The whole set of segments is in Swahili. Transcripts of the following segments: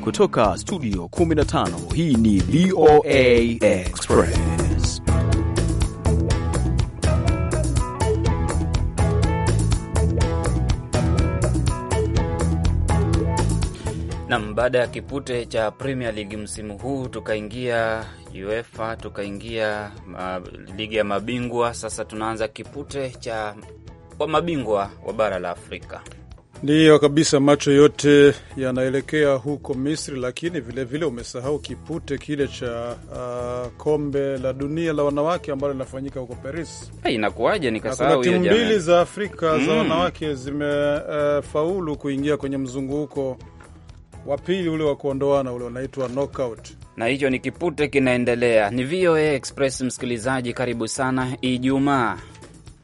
Kutoka studio 15 hii ni VOA Express. Nam, baada ya kipute cha Premier League msimu huu tukaingia UEFA, tukaingia uh, ligi ya mabingwa. Sasa tunaanza kipute cha wa mabingwa wa bara la Afrika. Ndiyo kabisa, macho yote yanaelekea huko Misri, lakini vilevile umesahau kipute kile cha uh, kombe la dunia la wanawake ambalo linafanyika huko Paris. Hey, eh, inakuwaje nikasahau Timu mbili za Afrika mm, za wanawake zimefaulu eh, uh, kuingia kwenye mzunguko wa pili ule wa kuondoana ule unaitwa knockout na hicho ni kipute kinaendelea. Ni VOA Express msikilizaji, karibu sana Ijumaa.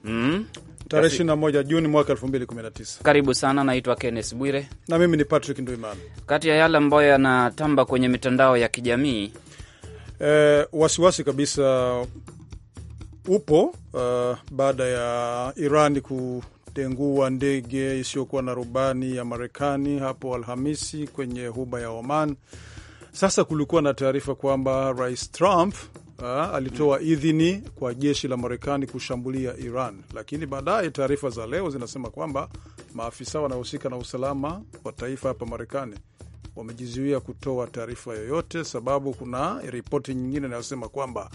Mm, tarehe 21 Juni mwaka 2019. Karibu sana, naitwa Kenneth Bwire na mimi ni Patrick Nduimana. Kati ya yale ambayo yanatamba kwenye mitandao ya kijamii eh, wasiwasi kabisa upo uh, baada ya Iran kutengua ndege isiyokuwa na rubani ya Marekani hapo Alhamisi kwenye huba ya Oman. Sasa kulikuwa na taarifa kwamba Rais Trump Ah, alitoa idhini kwa jeshi la Marekani kushambulia Iran, lakini baadaye taarifa za leo zinasema kwamba maafisa wanaohusika na usalama wa taifa hapa Marekani wamejizuia kutoa taarifa yoyote, sababu kuna ripoti nyingine inayosema kwamba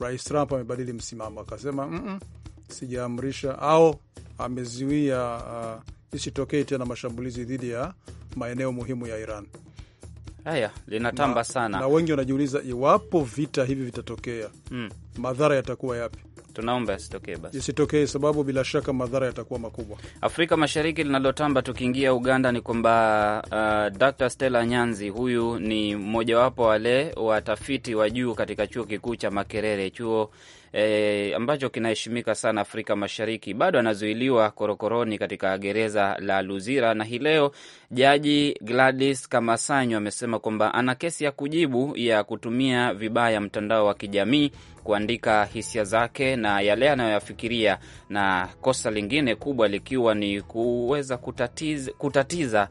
Rais Trump amebadili msimamo, akasema mm -mm, sijaamrisha au amezuia uh, isitokee tena mashambulizi dhidi ya maeneo muhimu ya Iran haya linatamba na, sana na wengi wanajiuliza iwapo vita hivi vitatokea, mm. madhara yatakuwa yapi? Tunaomba yasitokee basi, isitokee sababu bila shaka madhara yatakuwa makubwa. Afrika Mashariki linalotamba tukiingia Uganda ni kwamba uh, Dr Stella Nyanzi huyu ni mmojawapo wale watafiti wa juu katika chuo kikuu cha Makerere, chuo e, ambacho kinaheshimika sana Afrika Mashariki, bado anazuiliwa korokoroni katika gereza la Luzira, na hii leo jaji Gladys Kamasanyo amesema kwamba ana kesi ya kujibu ya kutumia vibaya mtandao wa kijamii kuandika hisia zake na yale anayoyafikiria, na kosa lingine kubwa likiwa ni kuweza kutatiza, kutatiza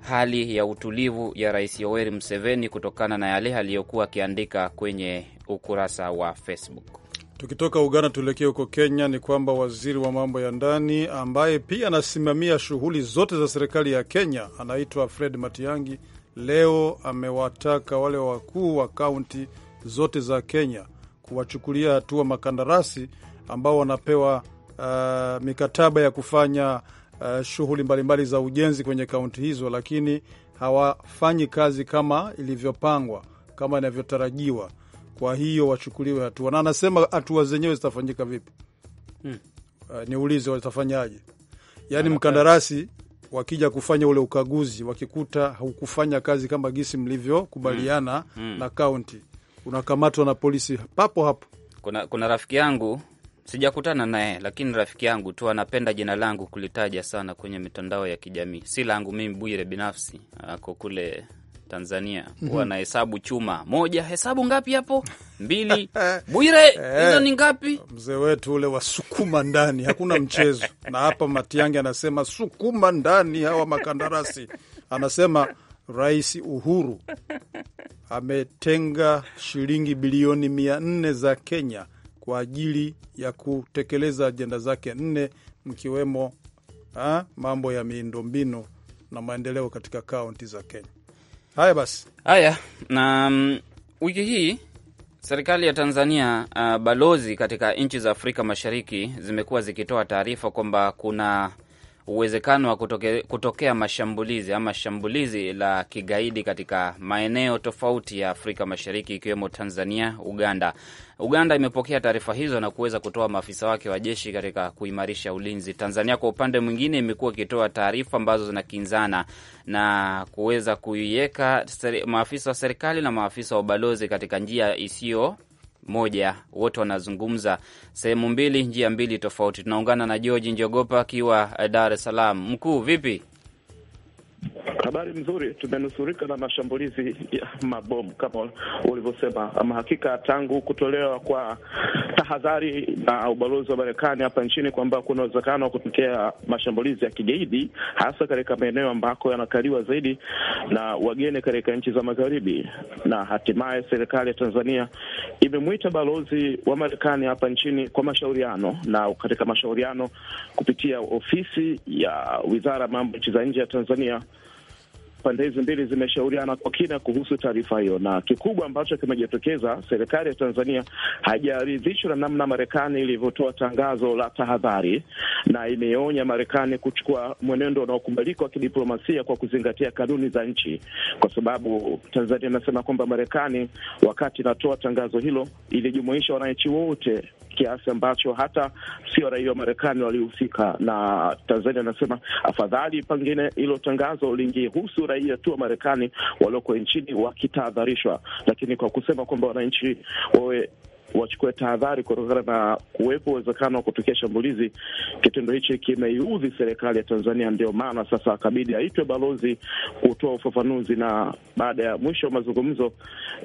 hali ya utulivu ya Rais Yoweri Museveni kutokana na yale aliyokuwa akiandika kwenye ukurasa wa Facebook. Tukitoka Uganda tuelekee huko Kenya, ni kwamba waziri wa mambo ya ndani ambaye pia anasimamia shughuli zote za serikali ya Kenya anaitwa Fred Matiang'i, leo amewataka wale wakuu wa kaunti zote za Kenya kuwachukulia hatua makandarasi ambao wanapewa uh, mikataba ya kufanya uh, shughuli mbalimbali za ujenzi kwenye kaunti hizo, lakini hawafanyi kazi kama ilivyopangwa, kama inavyotarajiwa. Kwa hiyo wachukuliwe hatua, na anasema hatua zenyewe zitafanyika vipi? hmm. Uh, niulize watafanyaje? Yaani ah, mkandarasi wakija kufanya ule ukaguzi, wakikuta haukufanya kazi kama gisi mlivyokubaliana hmm. hmm. na kaunti, unakamatwa na polisi papo hapo. Kuna, kuna rafiki yangu sijakutana naye lakini rafiki yangu tu anapenda jina langu kulitaja sana kwenye mitandao ya kijamii, si langu mimi, Bwire binafsi, ako kule Tanzania huwa mhm. na hesabu chuma moja, hesabu ngapi hapo? Mbili, eh. Bwire, eh. hizo ni ngapi? Mzee wetu ule wa sukuma ndani, hakuna mchezo na hapa. Matiangi anasema sukuma ndani hawa makandarasi, anasema Rais Uhuru ametenga shilingi bilioni mia nne za Kenya kwa ajili ya kutekeleza ajenda zake nne mkiwemo ha, ah, mambo ya miundombinu na maendeleo katika kaunti za Kenya. Haya basi, haya na um, wiki hii serikali ya Tanzania uh, balozi katika nchi za Afrika Mashariki zimekuwa zikitoa taarifa kwamba kuna uwezekano wa kutoke, kutokea mashambulizi ama shambulizi la kigaidi katika maeneo tofauti ya Afrika Mashariki ikiwemo Tanzania, Uganda. Uganda imepokea taarifa hizo na kuweza kutoa maafisa wake wa jeshi katika kuimarisha ulinzi. Tanzania kwa upande mwingine, imekuwa ikitoa taarifa ambazo zinakinzana na kuweza kuiweka maafisa wa serikali na maafisa wa ubalozi katika njia isiyo moja, wote wanazungumza sehemu mbili, njia mbili tofauti. Tunaungana na George Njogopa akiwa eh, Dar es Salaam. Mkuu, vipi? Habari nzuri, tumenusurika na mashambulizi ya mabomu kama ulivyosema. Ama hakika tangu kutolewa kwa tahadhari na ubalozi wa Marekani hapa nchini kwamba kuna uwezekano wa kutokea mashambulizi ya kigaidi, hasa katika maeneo ambako yanakaliwa zaidi na wageni katika nchi za Magharibi, na hatimaye serikali ya Tanzania imemwita balozi wa Marekani hapa nchini kwa mashauriano, na katika mashauriano kupitia ofisi ya wizara ya mambo nchi za nje ya Tanzania pande hizi mbili zimeshauriana kwa kina kuhusu taarifa hiyo, na kikubwa ambacho kimejitokeza, serikali ya Tanzania haijaridhishwa na namna Marekani ilivyotoa tangazo la tahadhari, na imeonya Marekani kuchukua mwenendo unaokubalika wa kidiplomasia kwa kuzingatia kanuni za nchi, kwa sababu Tanzania inasema kwamba Marekani wakati inatoa tangazo hilo ilijumuisha wananchi wote kiasi ambacho hata sio raia wa Marekani walihusika. Na Tanzania anasema afadhali pengine hilo tangazo lingehusu raia tu wa Marekani walioko nchini wakitahadharishwa, lakini kwa kusema kwamba wananchi wawe wachukue tahadhari kutokana na kuwepo uwezekano wa kutokea shambulizi. Kitendo hichi kimeiudhi serikali ya Tanzania, ndio maana sasa akabidi aitwe balozi kutoa ufafanuzi, na baada ya mwisho wa mazungumzo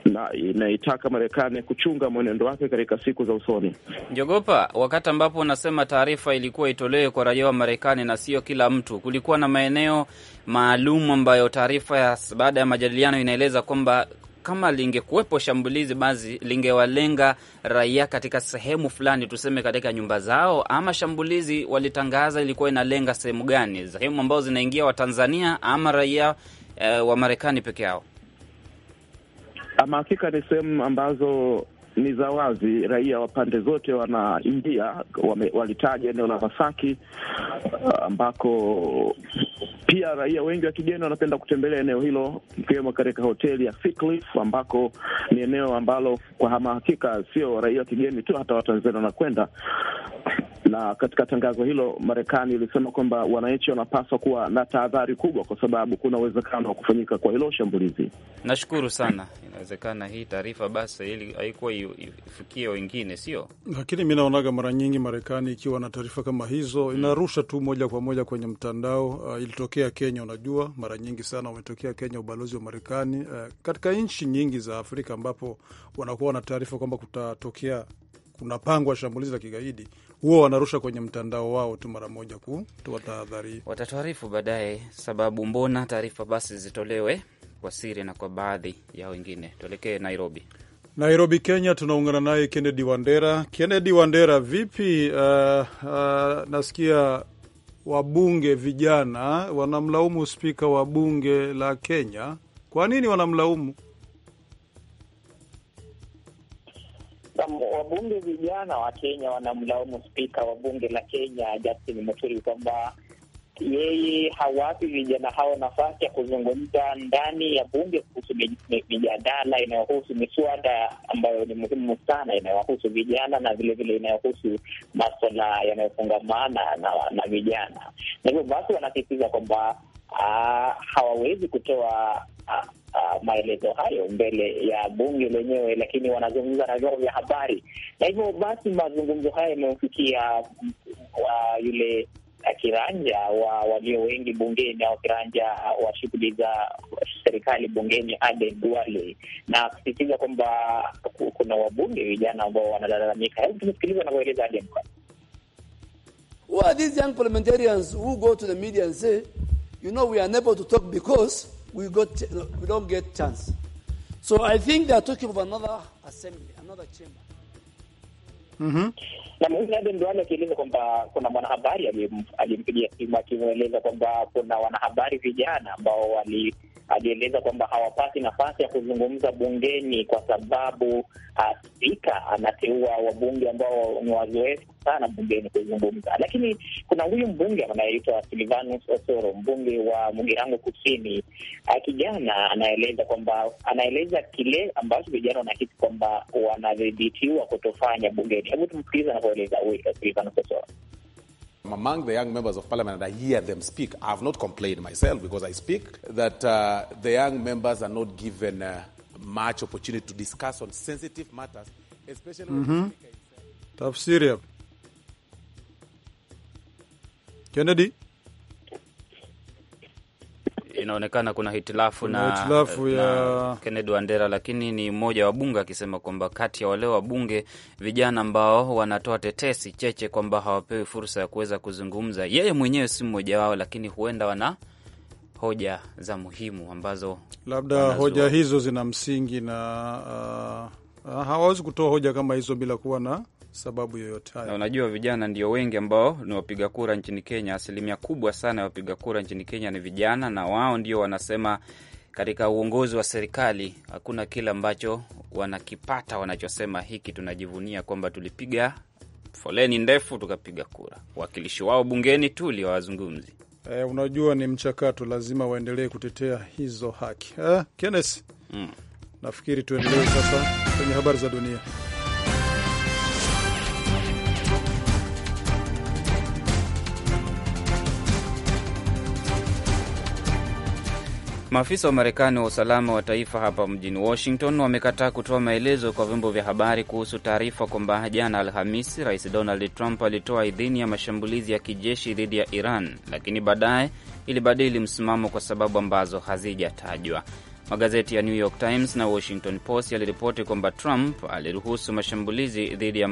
na inaitaka Marekani kuchunga mwenendo wake katika siku za usoni. Jogopa, wakati ambapo unasema taarifa ilikuwa itolewe kwa raia wa Marekani na sio kila mtu, kulikuwa na maeneo maalum ambayo taarifa baada ya majadiliano inaeleza kwamba kama lingekuwepo shambulizi, basi lingewalenga raia katika sehemu fulani, tuseme katika nyumba zao, ama shambulizi walitangaza ilikuwa inalenga sehemu gani? Sehemu ambazo zinaingia Watanzania ama raia e, wa Marekani peke yao? Ama hakika ni sehemu ambazo ni za wazi, raia wa pande zote wanaingia. Walitaja eneo la Masaki ambako pia raia wengi wa kigeni wanapenda kutembelea eneo hilo, ikiwemo katika hoteli ya Sea ambako ni eneo ambalo kwa hakika sio raia wa kigeni tu, hata Watanzania wanakwenda na katika tangazo hilo Marekani ilisema kwamba wananchi wanapaswa kuwa na tahadhari kubwa, kwa sababu kuna uwezekano wa kufanyika kwa hilo shambulizi. Nashukuru sana. Inawezekana hii taarifa basi ili haikuwa ifikie wengine, sio lakini mi naonaga mara nyingi Marekani ikiwa na taarifa kama hizo mm, inarusha tu moja kwa moja kwenye mtandao. Uh, ilitokea Kenya, unajua mara nyingi sana umetokea Kenya ubalozi wa Marekani uh, katika nchi nyingi za Afrika ambapo wanakuwa na taarifa kwamba kutatokea kunapangwa shambulizi la kigaidi huwa wanarusha kwenye mtandao wao tu mara moja kutoa tahadhari. Watatuarifu baadaye sababu mbona taarifa basi zitolewe kwa siri na kwa baadhi ya wengine. Tuelekee Nairobi. Nairobi, Kenya, tunaungana naye Kennedy Wandera. Kennedy Wandera, vipi? Uh, uh, nasikia wabunge vijana wanamlaumu spika wa bunge la Kenya. Kwa nini wanamlaumu? Wabunge vijana wa Kenya wanamlaumu spika wa bunge la Kenya Justin Muturi kwamba yeye hawapi vijana hao nafasi ya kuzungumza ndani ya bunge kuhusu mijadala inayohusu miswada ambayo ni muhimu sana inayohusu vijana na vilevile inayohusu maswala yanayofungamana na, na vijana. Na hivyo basi wanasisitiza kwamba hawawezi kutoa uh, maelezo hayo mbele ya bunge lenyewe, lakini wanazungumza na vyombo vya habari, na hivyo basi mazungumzo haya yamemfikia uh, mm, yule eh, kiranja wa walio wengi bungeni au kiranja wa shughuli za serikali bungeni Aden Duale, na kusisitiza kwamba kuna wabunge vijana ambao wanalalamika. Hebu tumesikiliza anavyoeleza Aden. Well, these young parliamentarians who go to the media and say, you know, we are unable to talk because we got we don't get chance. So I think they are talking of another assembly, another chamber. Mhm. Na akieleza kwamba kuna mwanahabari alimpigia simu akimweleza kwamba kuna wanahabari vijana ambao wali alieleza kwamba hawapati nafasi ya kuzungumza bungeni kwa sababu ah, spika anateua wabunge ambao ni wazoefu sana bungeni kuzungumza. Lakini kuna huyu mbunge anayeitwa Silvanus Osoro, mbunge wa Mugirango Kusini, ah, kijana anaeleza kwamba anaeleza kile ambacho vijana wanahisi kwamba wanadhibitiwa kutofanya bungeni. Hebu tumsikiliza anavyoeleza Silvanus Osoro. Among the young members of parliament, I hear them speak. I have not complained myself because I speak that uh, the young members are not given uh, much opportunity to discuss on sensitive matters, especially. Mm-hmm. Tafsiri Kennedy. inaonekana kuna hitilafu na, hitilafu na ya... Kennedy Wandera, lakini ni mmoja wa bunge akisema kwamba kati ya wale bunge vijana ambao wanatoa tetesi cheche kwamba hawapewi fursa ya kuweza kuzungumza, yeye mwenyewe si mmoja wao, lakini huenda wana hoja za muhimu ambazo labda wanazua. Hoja hizo zina msingi na uh, uh, hawawezi kutoa hoja kama hizo bila kuwa na sababu yoyote hayo. Na unajua vijana ndio wengi ambao ni wapiga kura nchini Kenya. Asilimia kubwa sana ya wapiga kura nchini Kenya ni vijana, na wao ndio wanasema katika uongozi wa serikali hakuna kile ambacho wanakipata, wanachosema hiki tunajivunia kwamba tulipiga foleni ndefu tukapiga kura. Wakilishi wao bungeni tu liwawazungumzi. Eh, unajua ni mchakato, lazima waendelee kutetea hizo haki eh, Kenneth. Mm. Nafikiri tuendelee sasa kwenye habari za dunia. Maafisa wa Marekani wa usalama wa taifa hapa mjini Washington wamekataa kutoa maelezo kwa vyombo vya habari kuhusu taarifa kwamba jana Alhamisi Rais Donald Trump alitoa idhini ya mashambulizi ya kijeshi dhidi ya Iran, lakini baadaye ilibadili msimamo kwa sababu ambazo hazijatajwa. Magazeti ya New York Times na Washington Post yaliripoti kwamba Trump aliruhusu mashambulizi dhidi ya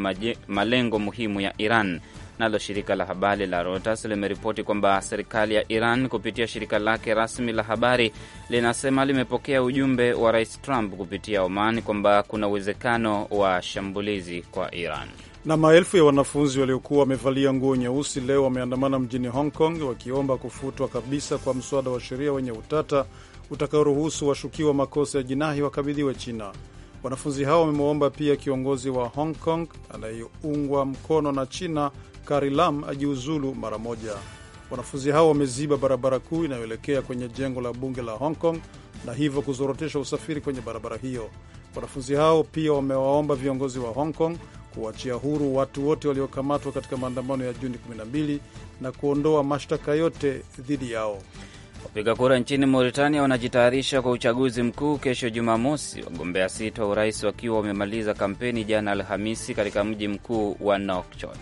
malengo muhimu ya Iran. Nalo shirika la habari la Reuters limeripoti kwamba serikali ya Iran kupitia shirika lake rasmi la habari linasema limepokea ujumbe wa Rais Trump kupitia Oman kwamba kuna uwezekano wa shambulizi kwa Iran. Na maelfu ya wanafunzi waliokuwa wamevalia nguo nyeusi leo wameandamana mjini Hong Kong wakiomba kufutwa kabisa kwa mswada wa sheria wenye utata utakaoruhusu washukiwa makosa ya jinai wakabidhiwe China. Wanafunzi hao wamemwomba pia kiongozi wa Hong Kong anayeungwa mkono na China Carrie Lam ajiuzulu mara moja. Wanafunzi hao wameziba barabara kuu inayoelekea kwenye jengo la bunge la Hong Kong na hivyo kuzorotesha usafiri kwenye barabara hiyo. Wanafunzi hao pia wamewaomba viongozi wa Hong Kong kuachia huru watu wote waliokamatwa katika maandamano ya Juni 12 na kuondoa mashtaka yote dhidi yao. Wapiga kura nchini Mauritania wanajitayarisha kwa uchaguzi mkuu kesho Jumamosi, wagombea sita wa urais wakiwa wamemaliza kampeni jana Alhamisi katika mji mkuu wa Nouakchott.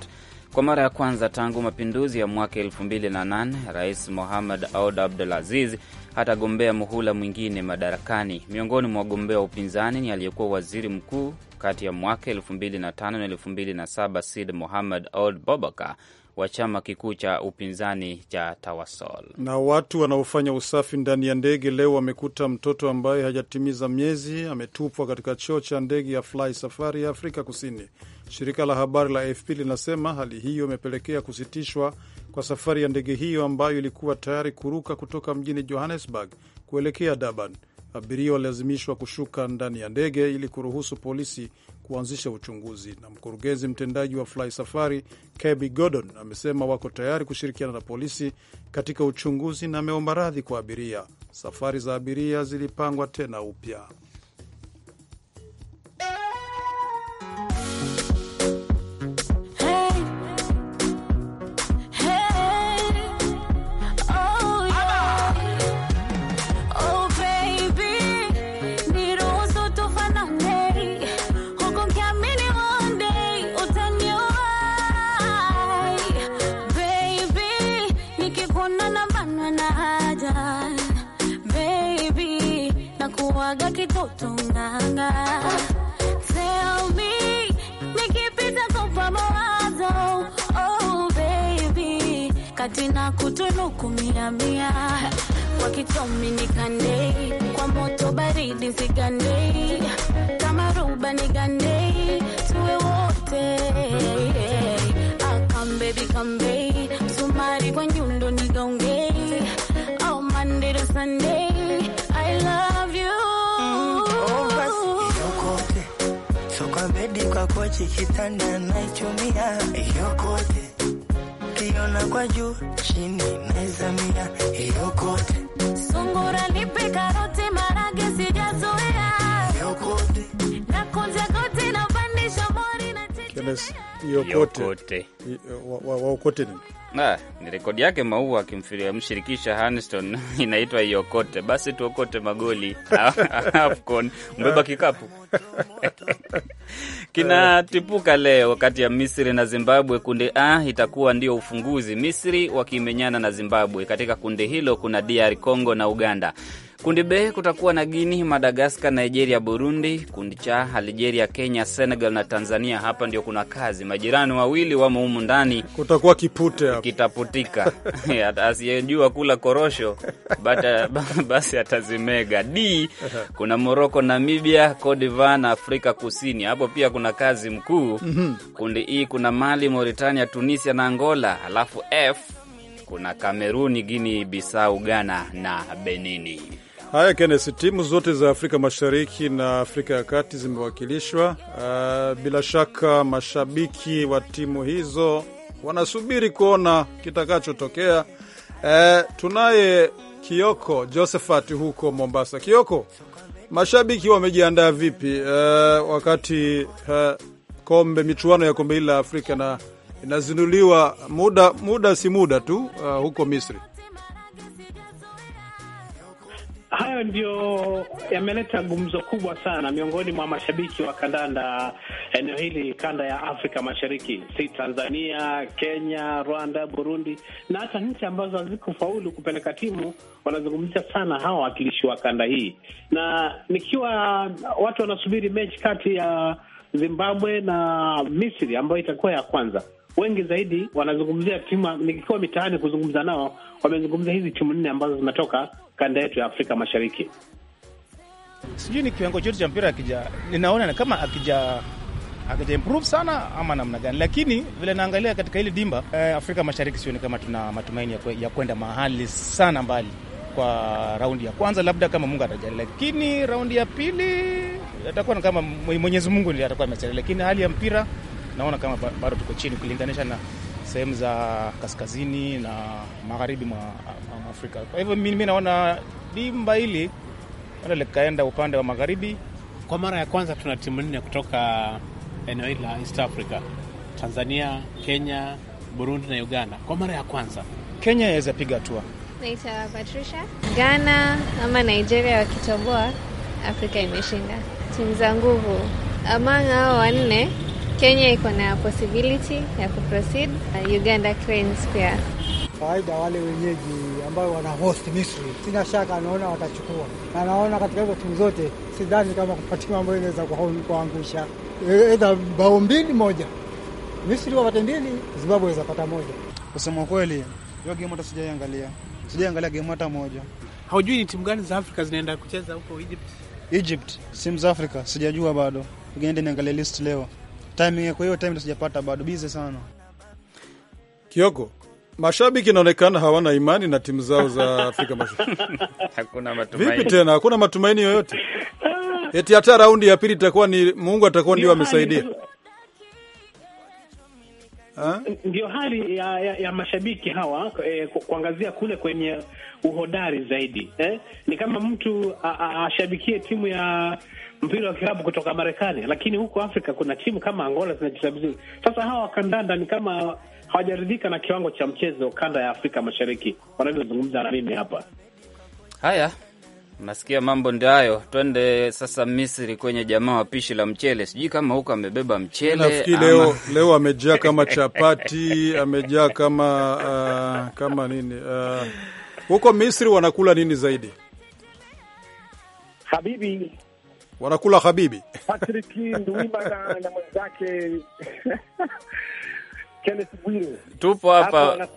Kwa mara ya kwanza tangu mapinduzi ya mwaka 2008 Rais Mohamed Ould Abdel Aziz hatagombea muhula mwingine madarakani. Miongoni mwa wagombea wa upinzani ni aliyekuwa waziri mkuu kati ya mwaka 2005 na 2007 Sid Mohamed Ould Bobaka wa chama kikuu cha upinzani cha Tawasol. Na watu wanaofanya usafi ndani ya ndege leo wamekuta mtoto ambaye hajatimiza miezi ametupwa katika choo cha ndege ya Fly Safari ya Afrika Kusini. Shirika la habari la AFP linasema hali hiyo imepelekea kusitishwa kwa safari ya ndege hiyo ambayo ilikuwa tayari kuruka kutoka mjini Johannesburg kuelekea Durban abiria walilazimishwa kushuka ndani ya ndege ili kuruhusu polisi kuanzisha uchunguzi. Na mkurugenzi mtendaji wa Fly Safari kaby Gordon amesema wako tayari kushirikiana na polisi katika uchunguzi na ameomba radhi kwa abiria. Safari za abiria zilipangwa tena upya. kwa bedi, kwa kochi, kitanda naichumia, hiyo kote kiona kwa juu chini naizamia, hiyo kote sungura nipe karoti marage sijazoea, hiyo kote nakonja waokote nini? Ah, ni rekodi yake Maua akimshirikisha Hanston inaitwa Iokote. Basi tuokote magoli AFCON, mbeba kikapu kinatipuka leo kati ya Misri na Zimbabwe. Kundi A itakuwa ndio ufunguzi, Misri wakimenyana na Zimbabwe. Katika kundi hilo kuna DR Congo na Uganda. Kundi B kutakuwa na Guini, Madagaskar, Nigeria, Burundi. Kundi cha Algeria, Kenya, Senegal na Tanzania. Hapa ndio kuna kazi, majirani wawili wamo humu ndani, kutakuwa kipute kitaputika asiyejua kula korosho uh, bata, basi atazimega. D kuna Moroko, Namibia, Cote d'Ivoire na Afrika Kusini. Hapo pia kuna kazi mkuu mm -hmm. Kundi E kuna Mali, Mauritania, Tunisia na Angola, alafu F kuna Kameruni, Guini Bisau, Ghana na Benini. Haya, Kenes, timu zote za Afrika Mashariki na Afrika ya Kati zimewakilishwa. Uh, bila shaka mashabiki wa timu hizo wanasubiri kuona kitakachotokea. Uh, tunaye Kioko Josephat huko Mombasa. Kioko, Mashabiki wamejiandaa vipi uh, wakati uh, kombe michuano ya kombe hili la Afrika na inazinduliwa muda muda si muda tu uh, huko Misri. hayo ndio yameleta gumzo kubwa sana miongoni mwa mashabiki wa kandanda eneo hili, kanda ya Afrika Mashariki, si Tanzania, Kenya, Rwanda, Burundi na hata nchi ambazo hazikufaulu kupeleka timu. Wanazungumzia sana hawa wawakilishi wa kanda hii, na nikiwa watu wanasubiri mechi kati ya Zimbabwe na Misri ambayo itakuwa ya kwanza wengi zaidi wanazungumzia timu, nikiwa mitaani kuzungumza nao, wamezungumzia hizi timu nne ambazo zinatoka kanda yetu ya Afrika Mashariki. Sijui ni kiwango chetu cha mpira akija, ninaona kama akija akija improve sana ama namna gani, lakini vile naangalia katika hili dimba eh, Afrika Mashariki sioni kama tuna matumaini ya kwenda mahali sana mbali kwa raundi ya kwanza, labda kama Mungu atajali, lakini raundi ya pili atakuwa kama Mwenyezi Mungu ndiye atakuwa amesaidia, lakini hali ya mpira naona kama bado tuko chini ukilinganisha na sehemu za kaskazini na magharibi mwa Afrika. Kwa hivyo mimi naona dimba hili ada likaenda upande wa magharibi. Kwa mara ya kwanza tuna timu nne kutoka eneo hili la East Africa: Tanzania, Kenya, Burundi na Uganda. Kwa mara ya kwanza Kenya yaweza piga hatua. Naitwa Patricia. Ghana ama Nigeria wakitoboa, Afrika imeshinda. Timu za nguvu among hao wanne Kenya iko na possibility ya kuproceed uh, Uganda Cranes Square. Kawaida wale wenyeji ambao wana host Misri, sina shaka naona watachukua, na naona katika hizo timu zote, sidhani kama kuna timu ambayo inaweza kuangusha, aidha e, bao mbili moja. Misri wapate mbili, Zimbabwe waweza pata moja. Kusema kweli, hiyo game hata sijaiangalia, sijaiangalia game hata moja. Haujui ni timu gani za Afrika zinaenda kucheza huko Egypt? Egypt, simu za Afrika sijajua bado, niende niangalie list leo timing, kwa hiyo time bado, busy sana. Kioko, mashabiki inaonekana hawana imani na timu zao za Afrika Mashariki. Hakuna matumaini. Vipi tena? Hakuna matumaini yoyote. Eti hata raundi ya pili itakuwa ni Mungu atakuwa ndio amesaidia ndio hali ya, ya, ya mashabiki hawa eh, kuangazia kule kwenye uhodari zaidi eh? Ni kama mtu ashabikie timu ya mpira wa kirabu kutoka Marekani, lakini huko Afrika kuna timu kama Angola zinacheza vizuri. Sasa hawa wakandanda ni kama hawajaridhika na kiwango cha mchezo kanda ya Afrika Mashariki wanavyozungumza na mimi hapa. Haya, Nasikia mambo ndio hayo. Twende sasa Misri kwenye jamaa wa pishi la mchele. Sijui kama huko amebeba mchele nafikiri ama... leo, leo amejaa kama chapati amejaa kama uh, kama nini uh, huko Misri wanakula nini zaidi? Habibi wanakula habibi Patrick Nduwimana na mwenzake Kenneth Bwire, tupo hapa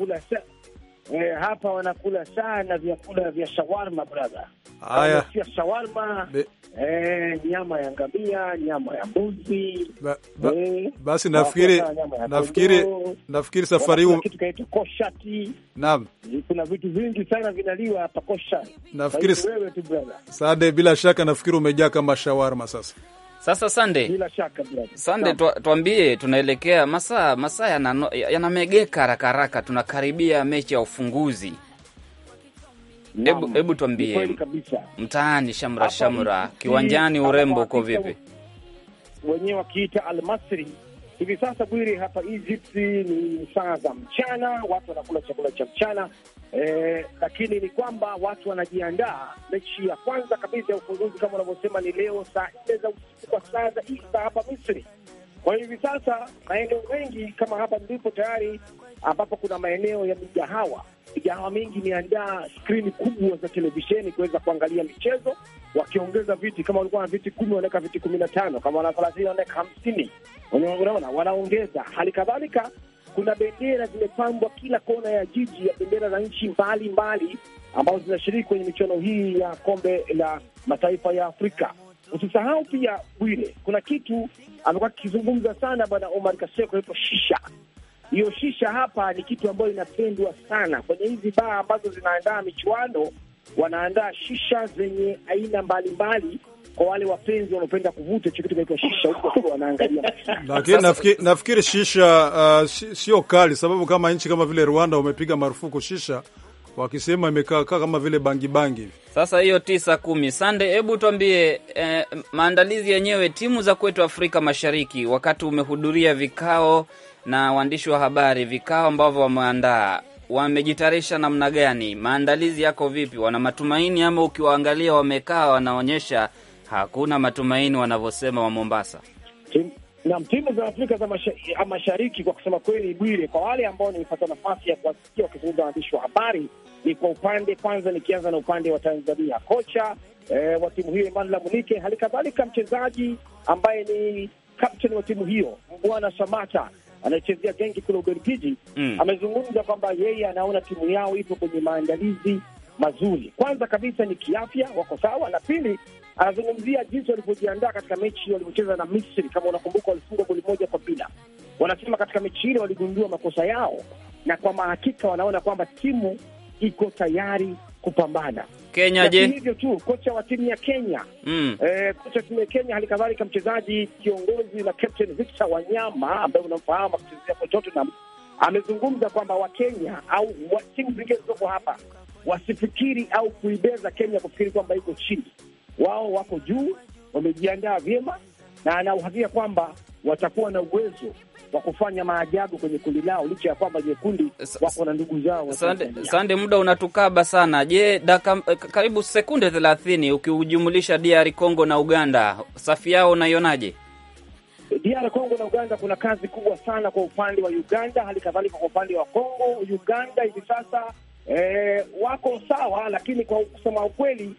Eh, hapa wanakula sana vyakula vya shawarma brother. Haya. Sio Shawarma. Be... Eh, nyama ya ngamia, nyama ya mbuzi. Ba, ba, eh, basi nafikiri nafikiri nafikiri safari hii kitu kaitwa koshati. Naam. E, kuna vitu vingi sana vinaliwa hapa kosha. Nafikiri wewe tu brother. Sade, bila shaka nafikiri umejaa kama shawarma sasa. Sasa Sande, bila shaka Sande, tuambie, tunaelekea masaa masaa yanamegeka haraka haraka, tunakaribia mechi ya ufunguzi. Hebu tuambie mtaani, shamra Apa, shamra kiwanjani, urembo uko vipi? Wenyewe wakiita Almasri hivi sasa, Bwiri, hapa Egypt ni saa za mchana, watu wanakula chakula cha mchana, eh, lakini ni kwamba watu wanajiandaa mechi ya kwanza kabisa ya ufunguzi kama unavyosema ni leo saa nne za usiku kwa saa za Isa hapa Misri. Kwa hivi sasa maeneo mengi kama hapa ndipo tayari ambapo kuna maeneo ya migahawa, migahawa mingi imeandaa skrini kubwa za televisheni kuweza kuangalia michezo, wakiongeza viti. Kama walikuwa na viti kumi, wanaweka viti kumi na tano, kama wana thelathini, wanaweka hamsini. Unaona, wanaongeza hali kadhalika kuna bendera zimepambwa kila kona ya jiji, ya bendera za nchi mbalimbali ambazo zinashiriki kwenye michuano hii ya kombe la mataifa ya Afrika. Usisahau pia Bwire, kuna kitu amekuwa kikizungumza sana bwana Omar Kaseko, ipo shisha. Hiyo shisha hapa ni kitu ambayo inapendwa sana kwenye hizi baa ambazo zinaandaa michuano, wanaandaa shisha zenye aina mbalimbali mbali, kwa wale wapenzi wanaopenda kuvuta hicho kitu kinaitwa shisha, huko wanaangalia. Lakini nafikiri nafikiri shisha uh, sio kali, sababu kama nchi kama vile Rwanda wamepiga marufuku shisha, wakisema imekaa kama vile bangi bangi. Sasa hiyo tisa kumi sande, hebu tuambie eh, maandalizi yenyewe timu za kwetu Afrika Mashariki, wakati umehudhuria vikao na waandishi wa habari, vikao ambavyo wameandaa wamejitayarisha namna gani? Maandalizi yako vipi? Wana matumaini ama ukiwaangalia wamekaa wanaonyesha hakuna matumaini wanavyosema wa Mombasa. na timu za Afrika za ah, Mashariki kwa kusema kweli, Bwire, kwa wale ambao nimepata nafasi ya kuwasikia wakizungumza waandishi wa habari ni kwa upande kwanza, nikianza na upande wa Tanzania, kocha eh, wa timu hiyo Emmanuel Munike, hali kadhalika mchezaji ambaye ni captain wa timu hiyo Mbwana Samata anayechezea Genki kule Ubelgiji mm, amezungumza kwamba yeye anaona timu yao ipo kwenye maandalizi mazuri. Kwanza kabisa ni kiafya, wako sawa, na pili anazungumzia jinsi walivyojiandaa katika mechi walivyocheza na Misri. Kama unakumbuka, walifungwa goli moja kwa bila. Wanasema katika mechi ile waligundua makosa yao, na kwa mahakika wanaona kwamba timu iko tayari kupambana. Kenya je? Hivyo tu kocha wa timu ya Kenya mm. E, kocha wa timu ya Kenya hali kadhalika mchezaji kiongozi na captain Victor Wanyama ambaye unamfahamu akichezea kwa Tottenham amezungumza kwamba Wakenya au timu zingine zilizoko hapa wasifikiri au kuibeza Kenya kufikiri kwamba iko chini wao wako juu, wamejiandaa vyema na anauhakika kwamba watakuwa na uwezo wa kufanya maajabu kwenye kundi lao, licha ya kwamba nyekundi wako na ndugu zao. Sande, muda unatukaba sana. Je, daka, eh, karibu sekunde thelathini ukiujumulisha DR Congo na Uganda, safi yao unaionaje? DR Congo na Uganda, kuna kazi kubwa sana kwa upande wa Uganda, hali kadhalika kwa upande wa Congo. Uganda hivi sasa eh, wako sawa, lakini kwa kusema ukweli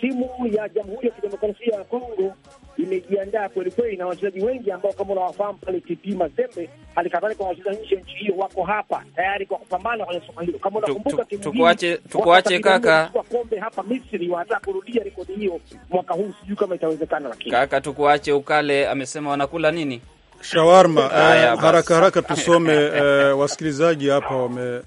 timu ya Jamhuri ya Kidemokrasia ya Kongo imejiandaa kweli kweli na wachezaji wengi ambao kama unawafahamu pale TP Mazembe, hali kadhalika wachezaji nje nchi hiyo wako hapa tayari kwa kupambana kwenye soka hilo. Kama unakumbuka timu tukuache, tukuache kaka kwa kombe hapa Misri, wanataka kurudia rekodi hiyo mwaka huu, sijui kama itawezekana, lakini kaka, tukuache ukale. Amesema wanakula nini? Shawarma. Eh, haraka haraka tusome eh, wasikilizaji hapa wame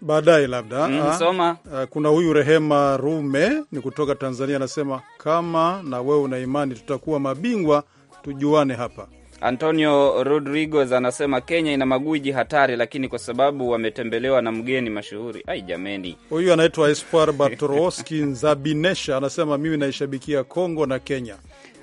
baadaye labda mm, ah, ah, Kuna huyu Rehema Rume ni kutoka Tanzania, anasema kama na wewe una imani tutakuwa mabingwa, tujuane hapa. Antonio Rodriguez anasema Kenya ina magwiji hatari, lakini kwa sababu wametembelewa na mgeni mashuhuri. Ai jameni, huyu anaitwa Espoir Bartoroski Nzabinesha anasema mimi naishabikia Kongo na Kenya.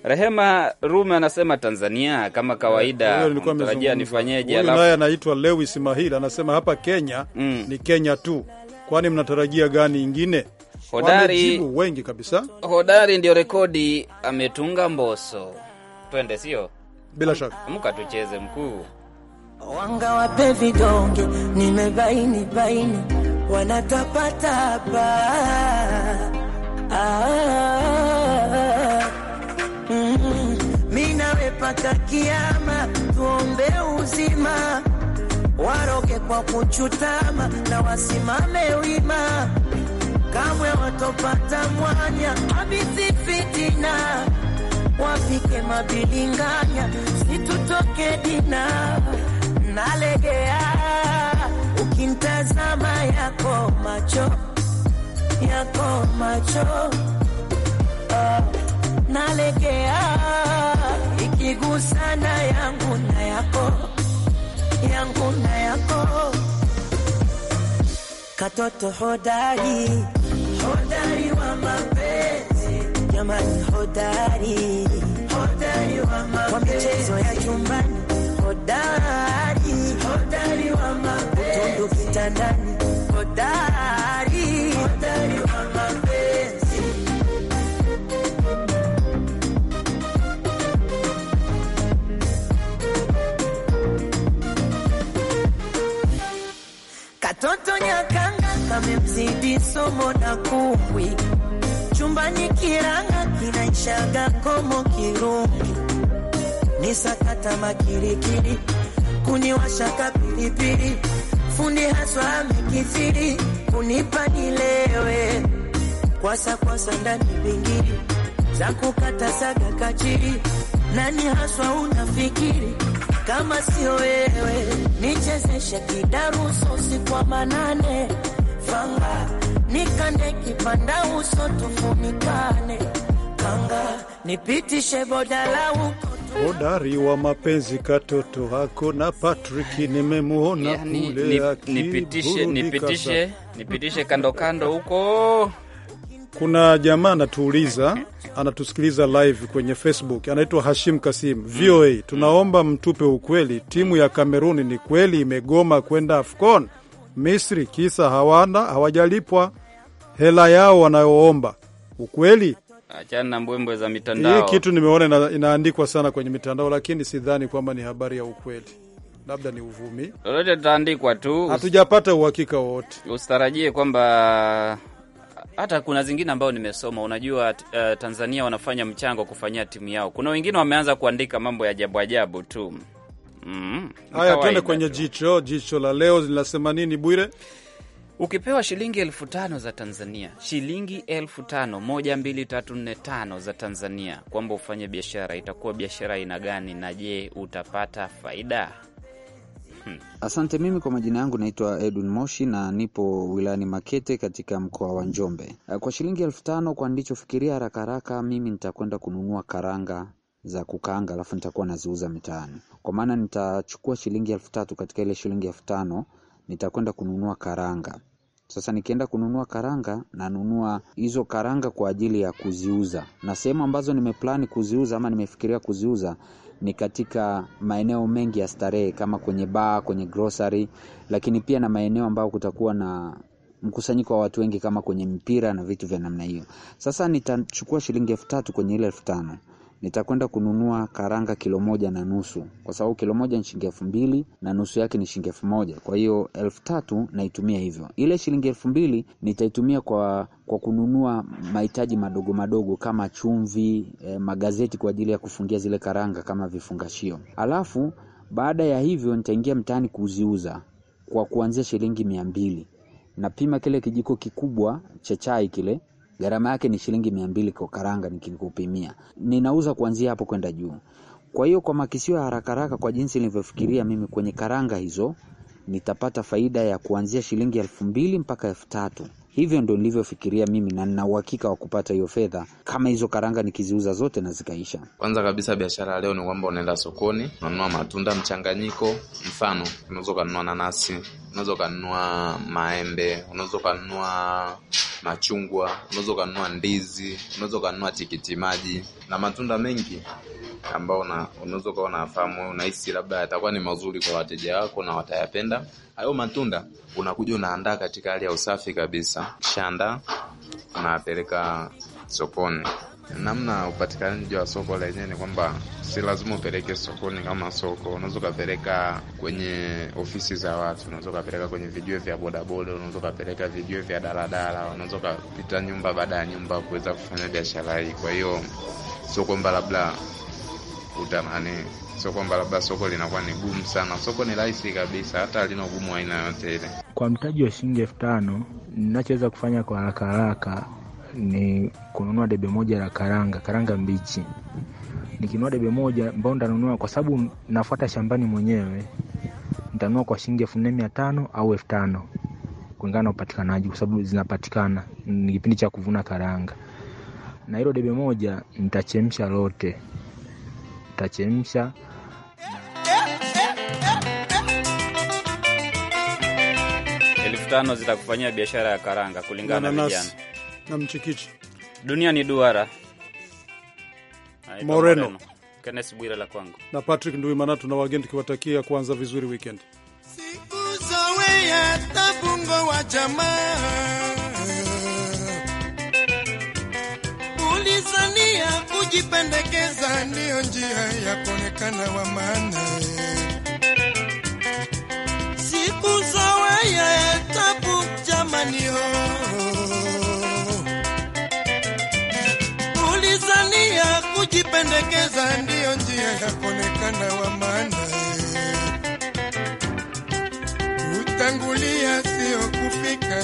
Rehema Rume anasema Tanzania kama kawaida, tarajia nifanyeje? Alafu naye anaitwa Lewis Mahila anasema hapa Kenya mm. ni Kenya tu, kwani mnatarajia gani ingine? Hodari wengi kabisa, hodari ndio rekodi ametunga Mboso. Twende, sio bila shaka, amka tucheze mkuu wanga wape vidonge, nimebaini baini wanatapatapa kiama, tuombe uzima, waroge kwa kuchutama na wasimame wima, kamwe watopata mwanya abisi fitina, wapike mabilinganya, situtoke dina nalegea ukintazama yako macho yako macho, uh, nalegea ikigusana yangu na yako, yangu na yako, katoto hodari, hodari wa mapenzi jamani, hodari, hodari wa mapenzi kwa michezo ya chumbani, hodari, hodari wa mapenzi utundu kitandani, hodari visomo na kumbwi chumbani, kiranga kinaishaga komo kirungi ni sakata makirikiri kuniwashaka pilipili, fundi haswa amekithiri kunipa nilewe kwasa kwasa ndani vingiri za kukata saga kachiri, nani haswa unafikiri kama sio wewe? Nichezeshe kidaruso si kwa manane fanga nikande kipanda uso tufunikane kanga nipitishe la uko hodari wa mapenzi katoto hako na Patrick nimemuona yeah, ni, kule ni, nipitishe, nipitishe, nipitishe kando kando huko. Kuna jamaa anatuuliza anatusikiliza live kwenye Facebook, anaitwa Hashim Kasim. Mm. VOA, mm. tunaomba mtupe ukweli, timu ya Kameruni ni kweli imegoma kwenda AFCON? Misri, kisa hawana hawajalipwa hela yao wanayoomba. Ukweli achana na mbwembwe za mitandao. Hii kitu nimeona ina, inaandikwa sana kwenye mitandao, lakini sidhani kwamba ni habari ya ukweli, labda ni uvumi. Lolote litaandikwa tu, hatujapata uhakika wowote. Usitarajie kwamba hata kuna zingine ambayo nimesoma, unajua uh, Tanzania wanafanya mchango kufanyia timu yao. Kuna wengine wameanza kuandika mambo ya ajabu ajabu tu Mm, haya, twende kwenye jicho jicho la leo linasema nini, Bwire? Ukipewa shilingi elfu tano za Tanzania, shilingi elfu tano moja mbili tatu nne tano za Tanzania, kwamba ufanye biashara, itakuwa biashara aina gani na je, utapata faida? Hmm. Asante. Mimi kwa majina yangu naitwa Edwin Moshi na nipo wilayani Makete katika mkoa wa Njombe. Kwa shilingi elfu tano kwa ndichofikiria haraka haraka, mimi nitakwenda kununua karanga za kukanga alafu nitakuwa naziuza mitaani. Kwa maana nitachukua shilingi elfu tatu katika ile shilingi elfu tano nitakwenda kununua karanga. Sasa nikienda kununua karanga, nanunua hizo karanga kwa ajili ya kuziuza, na sehemu ambazo nimeplani kuziuza ama nimefikiria kuziuza ni katika maeneo mengi ya starehe kama kwenye baa, kwenye grocery, lakini pia na maeneo ambayo kutakuwa na mkusanyiko wa watu wengi kama kwenye mpira na vitu vya namna hiyo. Sasa nitachukua shilingi elfu tatu kwenye ile elfu tano nitakwenda kununua karanga kilo moja na nusu kwa sababu kilo moja ni shilingi elfu mbili na nusu yake ni shilingi elfu moja kwa hiyo elfu tatu naitumia hivyo ile shilingi elfu mbili nitaitumia kwa kwa kununua mahitaji madogo madogo kama chumvi eh, magazeti kwa ajili ya kufungia zile karanga kama vifungashio alafu baada ya hivyo nitaingia mtaani kuziuza kwa kuanzia shilingi mia mbili napima kile kijiko kikubwa cha chai kile Gharama yake ni shilingi mia mbili kwa karanga, nikikupimia ninauza kuanzia hapo kwenda juu. Kwa hiyo kwa makisio ya haraka haraka, kwa jinsi nilivyofikiria mimi, kwenye karanga hizo nitapata faida ya kuanzia shilingi elfu mbili mpaka elfu tatu. Hivyo ndo nilivyofikiria mimi, na nina uhakika wa kupata hiyo fedha kama hizo karanga nikiziuza zote na zikaisha. Kwanza kabisa, biashara leo ni kwamba unaenda sokoni, unanunua matunda mchanganyiko. Mfano, unaweza ukanunua nanasi, unaweza ukanunua maembe, unaweza ukanunua machungwa, unaweza ukanunua ndizi, unaweza ukanunua tikiti maji na matunda mengi ambayo unaweza ukawa unafahamu unahisi labda yatakuwa ni mazuri kwa wateja wako na watayapenda hayo matunda unakuja unaandaa katika hali ya usafi kabisa kishaandaa unapeleka sokoni namna upatikanaji wa soko lenyewe ni kwamba si lazima upeleke sokoni kama soko. Unaweza ukapeleka kwenye ofisi za watu, unaweza ukapeleka kwenye vijiwe vya bodaboda, unaweza ukapeleka vijiwe vya daladala, unaweza ukapita nyumba baada ya nyumba kuweza kufanya biashara hii. Kwa hiyo sio kwamba labda utamani, sio kwamba labda soko linakuwa ni gumu sana. Soko ni rahisi kabisa, hata halina ugumu wa aina yote ile. Kwa mtaji wa shilingi elfu tano ninachoweza kufanya kwa haraka haraka ni kununua debe moja la karanga, karanga mbichi. Nikinunua debe moja ambao nitanunua kwa sababu nafuata shambani mwenyewe, nitanunua kwa shilingi elfu nne mia tano au elfu tano kulingana na upatikanaji, kwa sababu zinapatikana, ni kipindi cha kuvuna karanga na hilo debe moja nitachemsha lote, nitachemsha elfu tano zitakufanyia biashara ya karanga kulingana na vijana na mchikichi. Dunia ni duara. Moreno, Moreno. Kenes Bwira la kwangu na Patrick Nduimana, tuna wageni tukiwatakia kuanza vizuri weekend. Siku tabungo wa jamaa Kujipendekeza ndiyo njia ya kuonekana wa maana. Siku za weye tabu jamani, ho ulizania kujipendekeza ndiyo njia ya kuonekana wa maana. Kutangulia sio kufika